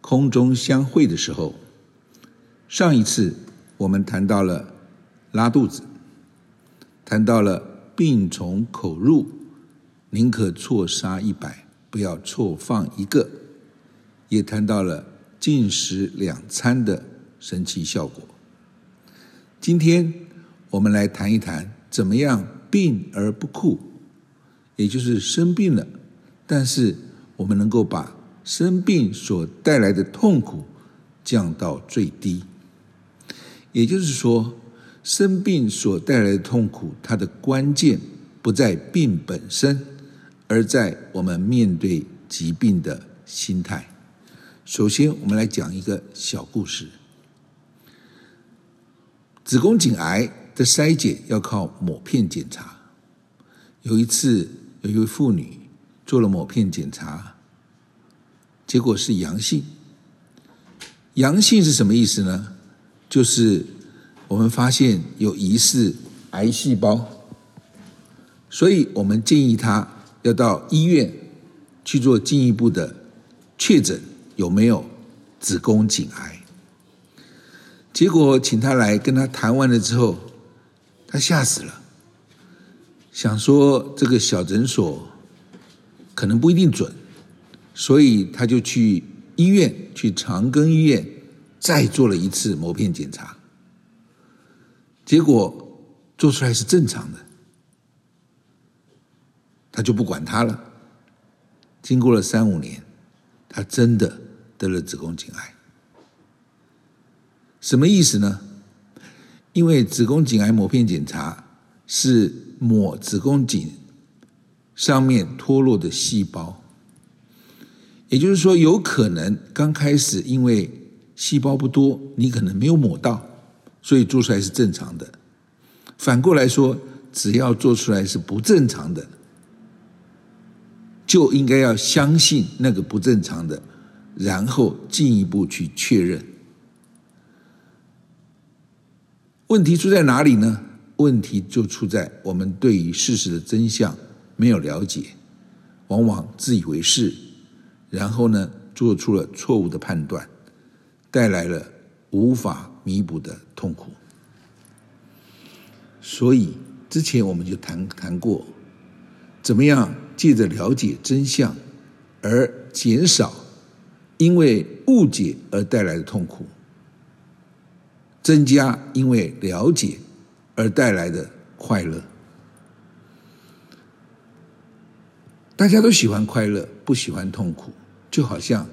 空中相會的時候，上一次我們談到了拉肚子，談到了病從口入，寧可錯殺一百，不要錯放一個，也談到了進食兩餐的神奇效果。今天我們來談一談怎麼樣病而不苦，也就是生病了，但是我們能夠把。生病所帶來的痛苦降到最低，也就是說，生病所帶來的痛苦，它的關鍵不在病本身，而在我們面對疾病的心態。首先，我們來講一個小故事：子宮頸癌的篩檢要靠抹片檢查。有一次，有一位婦女做了抹片檢查。結果是陽性，陽性是什麼意思呢？就是我們發現有疑似癌細胞，所以我們建議他要到醫院去做進一步的確診，有沒有子宮頸癌？結果請他來跟他談完了之後，他嚇死了，想說這個小診所可能不一定準。所以，他就去醫院，去長庚醫院，再做了一次抹片檢查，結果做出來是正常的，他就不管他了。經過了三五年，他真的得了子宮頸癌，什麼意思呢？因為子宮頸癌抹片檢查是抹子宮頸上面脫落的細胞。也就是說，有可能剛開始因為細胞不多，你可能沒有抹到，所以做出來是正常的。反過來說，只要做出來是不正常的，就應該要相信那個不正常的，然後進一步去確認。問題出在哪裡呢？問題就出在我們對於事實的真相沒有了解，往往自以為是。然後呢，做出了錯誤的判斷，帶來了無法彌補的痛苦。所以之前我們就談談過，怎麼樣借着了解真相而減少因為誤解而帶來的痛苦，增加因為了解而帶來的快樂。大家都喜歡快樂。不喜歡痛苦，就好像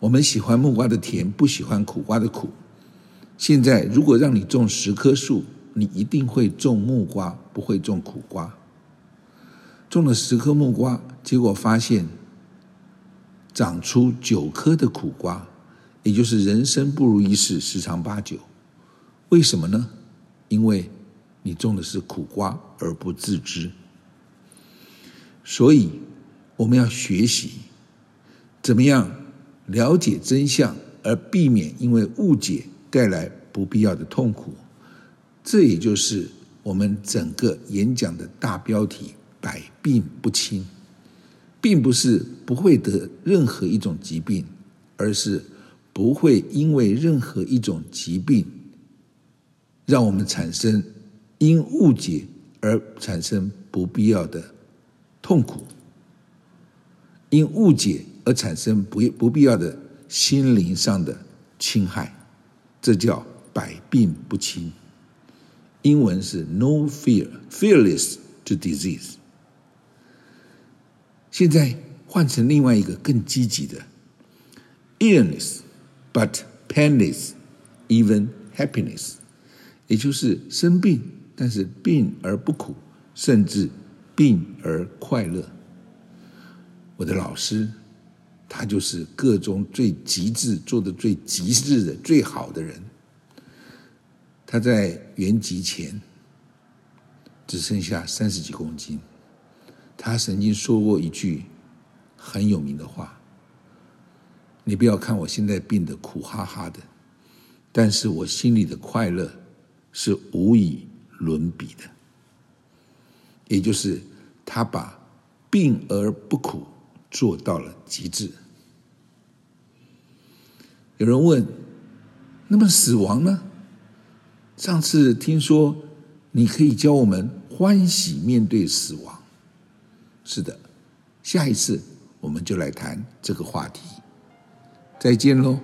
我們喜歡木瓜的甜，不喜歡苦瓜的苦。現在如果讓你種十棵樹，你一定會種木瓜，不會種苦瓜。種了十棵木瓜，結果發現長出九棵的苦瓜，也就是人生不如意事十常八九。為什麼呢？因為你種的是苦瓜而不自知，所以，我們要學習怎麼樣了解真相，而避免因為誤解帶來不必要的痛苦。這也就是我們整個演講的大標題“百病不侵”，並不是不會得任何一種疾病，而是不會因為任何一種疾病讓我們產生因誤解而產生不必要的痛苦。因誤解而產生不不必要的心靈上的侵害，這叫百病不侵。英文是 no fear, fearless to disease。現在換成另外一個更積極的 illness but painless even happiness，也就是生病，但是病而不苦，甚至病而快樂。我的老師，他就是各種最極致、做的最極致的最好的人。他在圓寂前只剩下三十幾公斤。他曾經說過一句很有名的話：“你不要看我現在病得苦哈哈的，但是我心裡的快樂是無以倫比的。”也就是他把病而不苦。做到了極致。有人問：“那麼死亡呢？”上次聽說你可以教我們歡喜面對死亡。是的，下一次我們就來談這個話題。再見嘍。